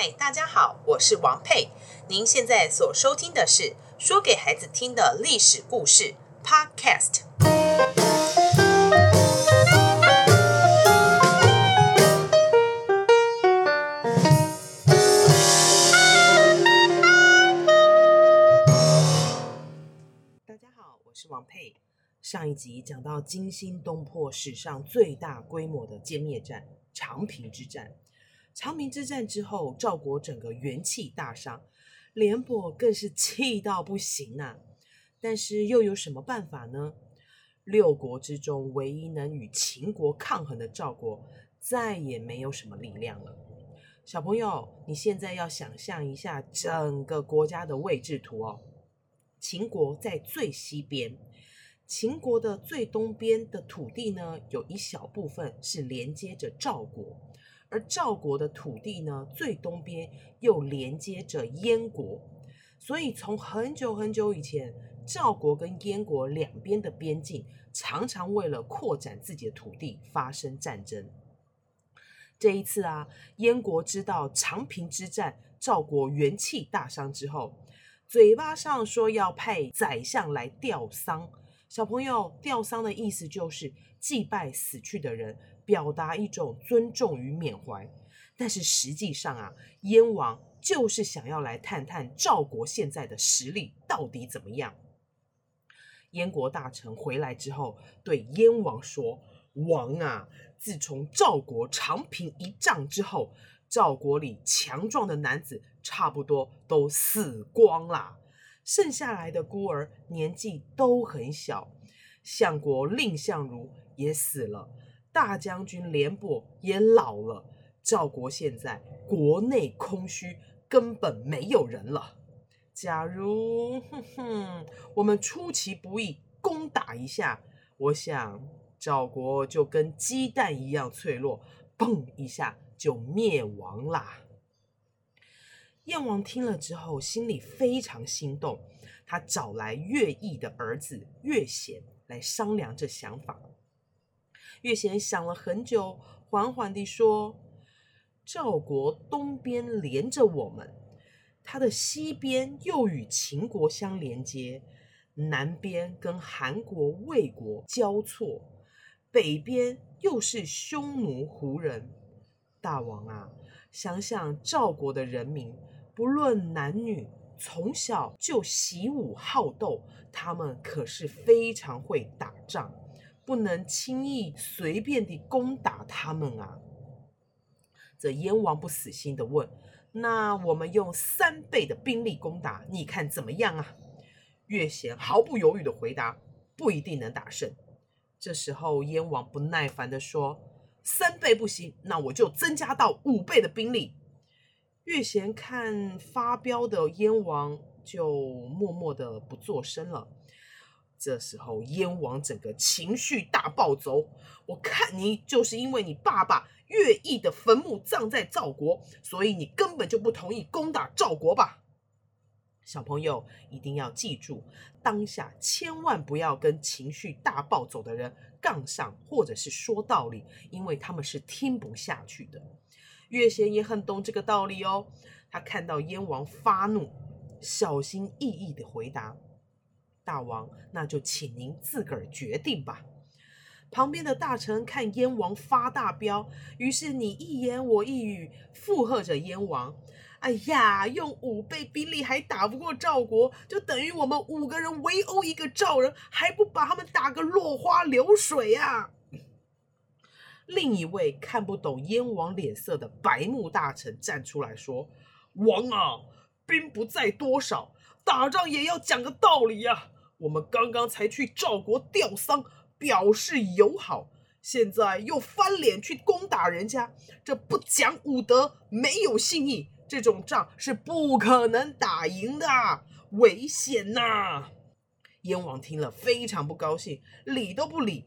嗨，Hi, 大家好，我是王佩。您現在所收聽的是《說給孩子聽的歷史故事》Podcast。大家好，我是王佩。上一集講到驚心動魄史上最大規模的殲滅戰——長平之戰。長平之戰之後，趙國整個元氣大傷，廉頗更是氣到不行吶啊。但是又有什麼辦法呢？六國之中唯一能與秦國抗衡的趙國，再也沒有什麼力量了。小朋友，你現在要想象一下整個國家的位置圖哦。秦國在最西邊，秦國的最東邊的土地呢，有一小部分是連接着趙國。而趙國的土地呢，最東邊又連接着燕國，所以從很久很久以前，趙國跟燕國兩邊的邊境常常為了擴展自己的土地發生戰爭。這一次啊，燕國知道長平之戰趙國元氣大傷之後，嘴巴上說要派宰相來弔喪。小朋友，弔喪的意思就是祭拜死去的人。表達一種尊重與緬懷，但是實際上啊，燕王就是想要來探探趙國現在的實力到底怎麼樣。燕國大臣回來之後，對燕王說：“王啊，自從趙國長平一戰之後，趙國裡強壯的男子差不多都死光了，剩下來的孤兒年紀都很小，相國藺相如也死了。”大將軍廉頗也老了，趙國現在國內空虛，根本沒有人了。假如哼哼，我們出其不意攻打一下，我想趙國就跟雞蛋一樣脆弱，嘣一下就滅亡啦。燕王聽了之後，心裡非常心動，他找來樂毅的兒子樂閒來商量這想法。樂閒想了很久，緩緩地說：“趙國東邊連着我們，它的西邊又與秦國相連接，南邊跟韓國、魏國交錯，北邊又是匈奴、胡人。大王啊，想想趙國的人民，不論男女，從小就習武好鬥，他們可是非常會打仗。”不能輕易隨便地攻打他們啊！這燕王不死心地問：“那我們用三倍的兵力攻打，你看怎麼樣啊？”樂閒毫不猶豫地回答：“不一定能打勝。”這時候燕王不耐煩地說：“三倍不行，那我就增加到五倍的兵力。”樂閒看發飆的燕王，就默默地不作聲了。這時候，燕王整個情緒大暴走。我看你就是因為你爸爸樂毅的墳墓葬在趙國，所以你根本就不同意攻打趙國吧？小朋友一定要記住，當下千萬不要跟情緒大暴走的人槓上，或者是說道理，因為他們是聽不下去的。樂間也很懂這個道理哦，他看到燕王發怒，小心翼翼的回答。大王，那就請您自個兒決定吧。旁邊的大臣看燕王發大飆，於是你一言我一語附和着燕王。哎呀，用五倍兵力還打不過趙國，就等於我們五個人圍毆一個趙人，還不把他們打個落花流水啊！另一位看不懂燕王臉色的白目大臣站出來說：“王啊，兵不在多少，打仗也要講個道理呀。”我們剛剛才去趙國弔喪，表示友好，現在又翻臉去攻打人家，這不講武德，沒有信義，這種仗是不可能打贏的，危險呐、啊！燕王聽了非常不高興，理都不理，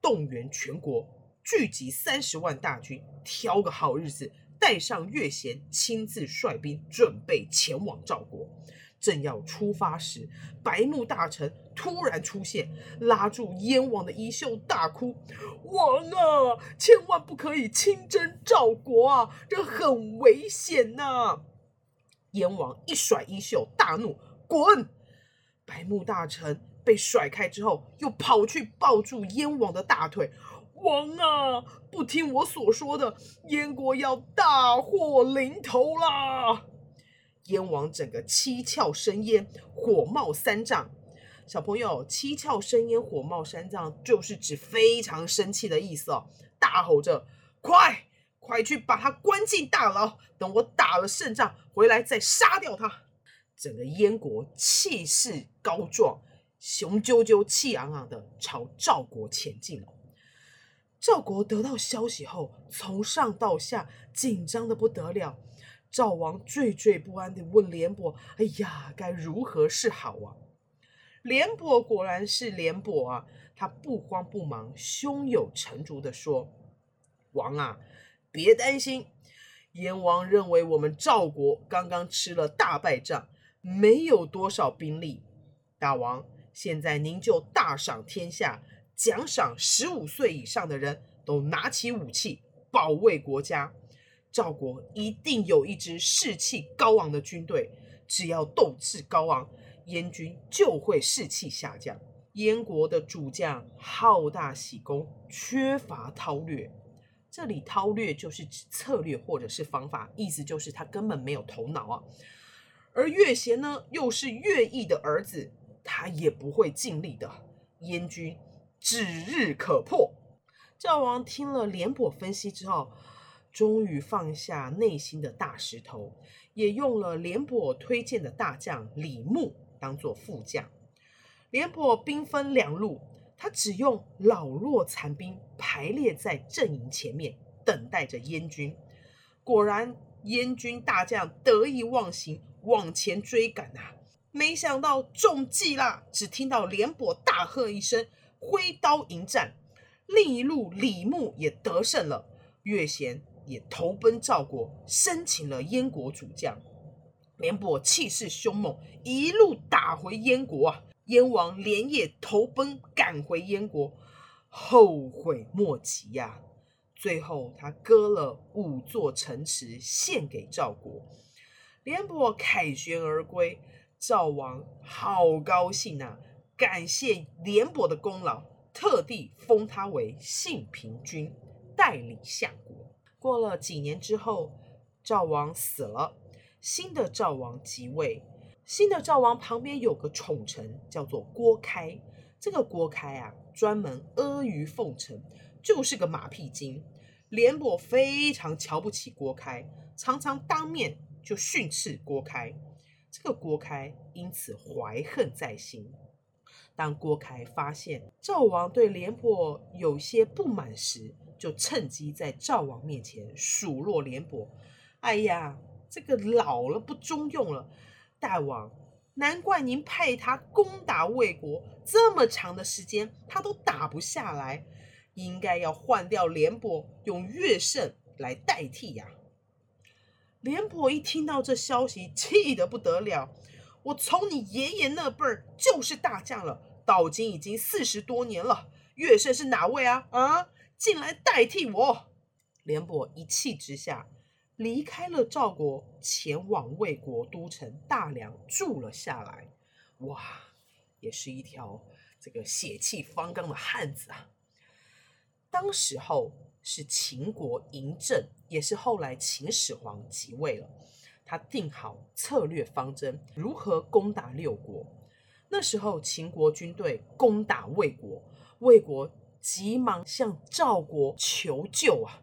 動員全國聚集三十萬大軍，挑個好日子。帶上樂賢，親自率兵準備前往趙國。正要出發時，白幕大臣突然出現，拉住燕王的衣袖，大哭：“王啊，千萬不可以親征趙國啊，這很危險吶、啊！”燕王一甩衣袖，大怒：“滾！”白幕大臣被甩開之後，又跑去抱住燕王的大腿。王啊，不聽我所說的，燕國要大禍臨頭啦！燕王整個七竅生煙，火冒三丈。小朋友，七竅生煙、火冒三丈就是指非常生氣的意思哦，大吼着：“快，快去把他關進大牢，等我打了勝仗回來再殺掉他！”整個燕國氣勢高壯，雄赳赳、氣昂昂的朝趙國前進了。趙國得到消息後，從上到下緊張得不得了。趙王惴惴不安地問廉頗：“哎呀，該如何是好啊？”廉頗果然是廉頗啊，他不慌不忙、胸有成竹地說：“王啊，別擔心。燕王認為我們趙國剛剛吃了大敗仗，沒有多少兵力。大王，現在您就大賞天下。”獎賞十五歲以上的人都拿起武器保衛國家，趙國一定有一支士氣高昂的軍隊。只要鬥志高昂，燕軍就會士氣下降。燕國的主將好大喜功，缺乏韜略。這裡韜略就是指策略或者是方法，意思就是他根本沒有頭腦啊。而樂閒呢，又是樂毅的兒子，他也不會盡力的。燕軍指日可破。趙王聽了廉頗分析之後，終於放下內心的大石頭，也用了廉頗推薦的大將李牧當做副將。廉頗兵分兩路，他只用老弱殘兵排列在陣營前面，等待着燕軍。果然，燕軍大將得意忘形，往前追趕吶、啊，沒想到中計啦！只聽到廉頗大喝一聲。揮刀迎戰，另一路李牧也得勝了，岳賢也投奔趙國，生擒了燕國主將廉頗，廉頗氣勢兇猛，一路打回燕國啊！燕王連夜投奔，趕回燕國，後悔莫及呀、啊！最後他割了五座城池獻給趙國，廉頗凱旋而歸，趙王好高興吶、啊！感謝廉頗的功勞，特地封他為信平君，代理相國。過了幾年之後，趙王死了，新的趙王即位。新的趙王旁邊有個寵臣，叫做郭開。這個郭開啊，專門阿諛奉承，就是個馬屁精。廉頗非常瞧不起郭開，常常當面就訓斥郭開。這個郭開因此懷恨在心。當郭開發現趙王對廉頗有些不滿時，就趁機在趙王面前數落廉頗：“哎呀，這個老了不中用了，大王，難怪您派他攻打魏國這麼長的時間，他都打不下來，應該要換掉廉頗，用樂勝來代替呀、啊。”廉頗一聽到這消息，氣得不得了：“我從你爺爺那輩就是大將了。”到今已經四十多年了，樂乘是哪位啊？啊，進來代替我。廉頗一氣之下，離開了趙國，前往魏國都城大梁住了下來。哇，也是一條這個血氣方剛的漢子啊。當時候是秦國嬴政，也是後來秦始皇即位了，他定好策略方針，如何攻打六國。那時候秦國軍隊攻打魏國，魏國急忙向趙國求救啊。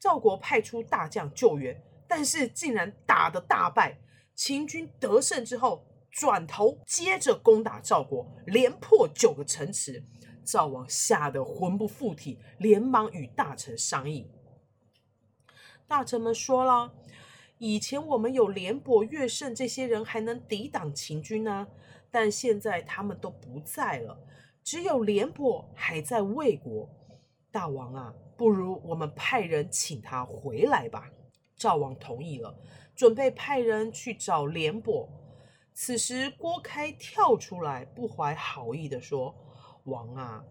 趙國派出大將救援，但是竟然打得大敗。秦軍得勝之後，轉頭接着攻打趙國，連破九個城池。趙王嚇得魂不附體，連忙與大臣商議。大臣們說了，以前我們有廉頗、樂乘這些人，還能抵擋秦軍呢、啊。但現在他們都不在了，只有廉頗還在魏國。大王啊，不如我們派人請他回來吧。趙王同意了，準備派人去找廉頗。此時郭開跳出來，不懷好意地說：“王啊，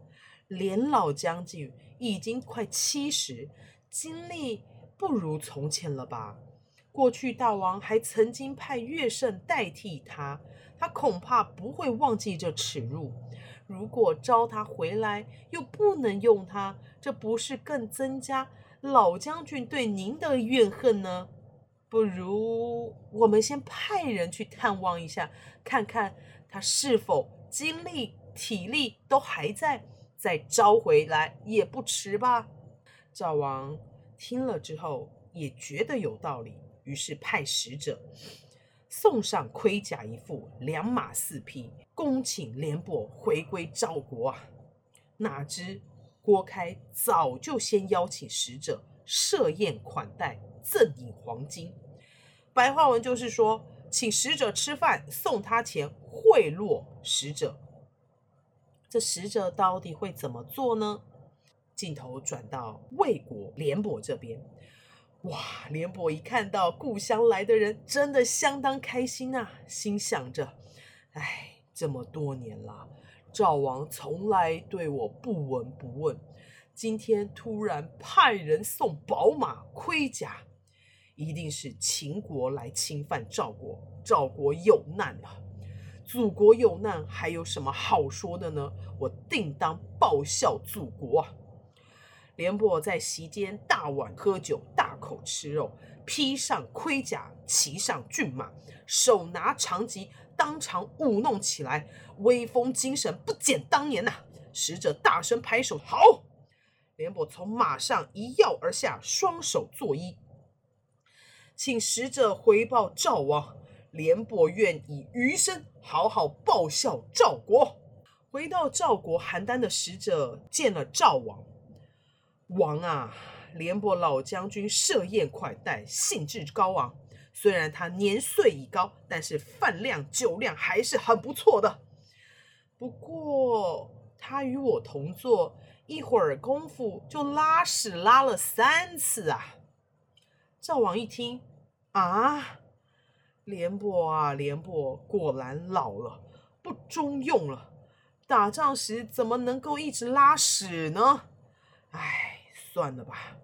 廉老將軍已經快七十，精力不如從前了吧。”過去大王還曾經派樂乘代替他，他恐怕不會忘記這恥辱。如果召他回來又不能用他，這不是更增加老將軍對您的怨恨呢？不如我們先派人去探望一下，看看他是否精力體力都還在，再召回來也不遲吧。趙王聽了之後也覺得有道理。於是派使者送上盔甲一副、良馬四匹，恭請廉頗回歸趙國啊。哪知郭開早就先邀請使者設宴款待，贈以黃金。白話文就是說，請使者吃飯，送他錢，賄賂使者。這使者到底會怎麼做呢？鏡頭轉到魏國廉頗這邊。哇，廉頗一看到故鄉來的人，真的相當開心啊！心想着，唉，這麼多年了，趙王從來對我不聞不問，今天突然派人送寶馬盔甲，一定是秦國來侵犯趙國，趙國有難了啊。祖國有難，還有什麼好說的呢？我定當報效祖國啊。廉頗在席間大碗喝酒，大。口吃肉，披上盔甲，騎上駿馬，手拿長戟，當場舞弄起來，威風精神不減當年吶啊！使者大聲拍手，好！廉頗從馬上一躍而下，雙手作揖，請使者回報趙王：廉頗願以餘生好好報效趙國。回到趙國，邯鄲的使者見了趙王，王啊！廉頗老將軍設宴款待，興致高昂。雖然他年歲已高，但是飯量酒量還是很不錯的。不過他與我同坐，一會兒功夫就拉屎拉了三次啊！趙王一聽，啊，廉頗啊，廉頗果然老了，不中用了。打仗時怎麼能夠一直拉屎呢？唉。算了吧，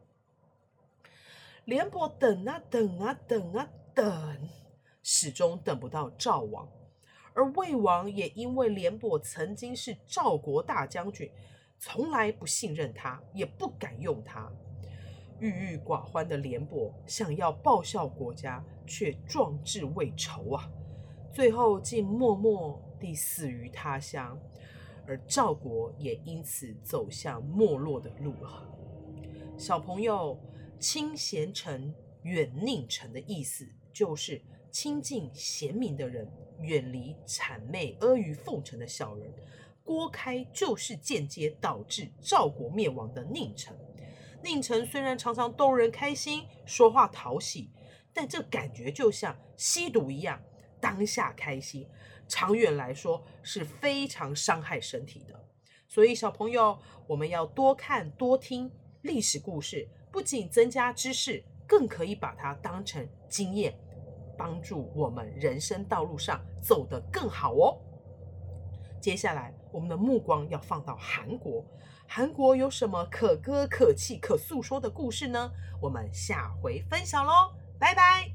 廉頗等啊等啊等啊等，始終等不到趙王，而魏王也因為廉頗曾經是趙國大將軍，從來不信任他，也不敢用他。鬱鬱寡歡的廉頗想要報效國家，卻壯志未酬啊！最後竟默默地死於他鄉，而趙國也因此走向沒落的路了。小朋友，親賢臣，遠佞臣的意思就是親近賢明的人，遠離諂媚阿諛奉承的小人。郭開就是間接導致趙國滅亡的佞臣。佞臣雖然常常逗人開心，說話討喜，但這感覺就像吸毒一樣，當下開心，長遠來說是非常傷害身體的。所以小朋友，我們要多看多聽。歷史故事不僅增加知識，更可以把它當成經驗，幫助我們人生道路上走得更好哦。接下來，我們的目光要放到韓國，韓國有什麼可歌可泣、可訴說的故事呢？我們下回分享嘍，拜拜。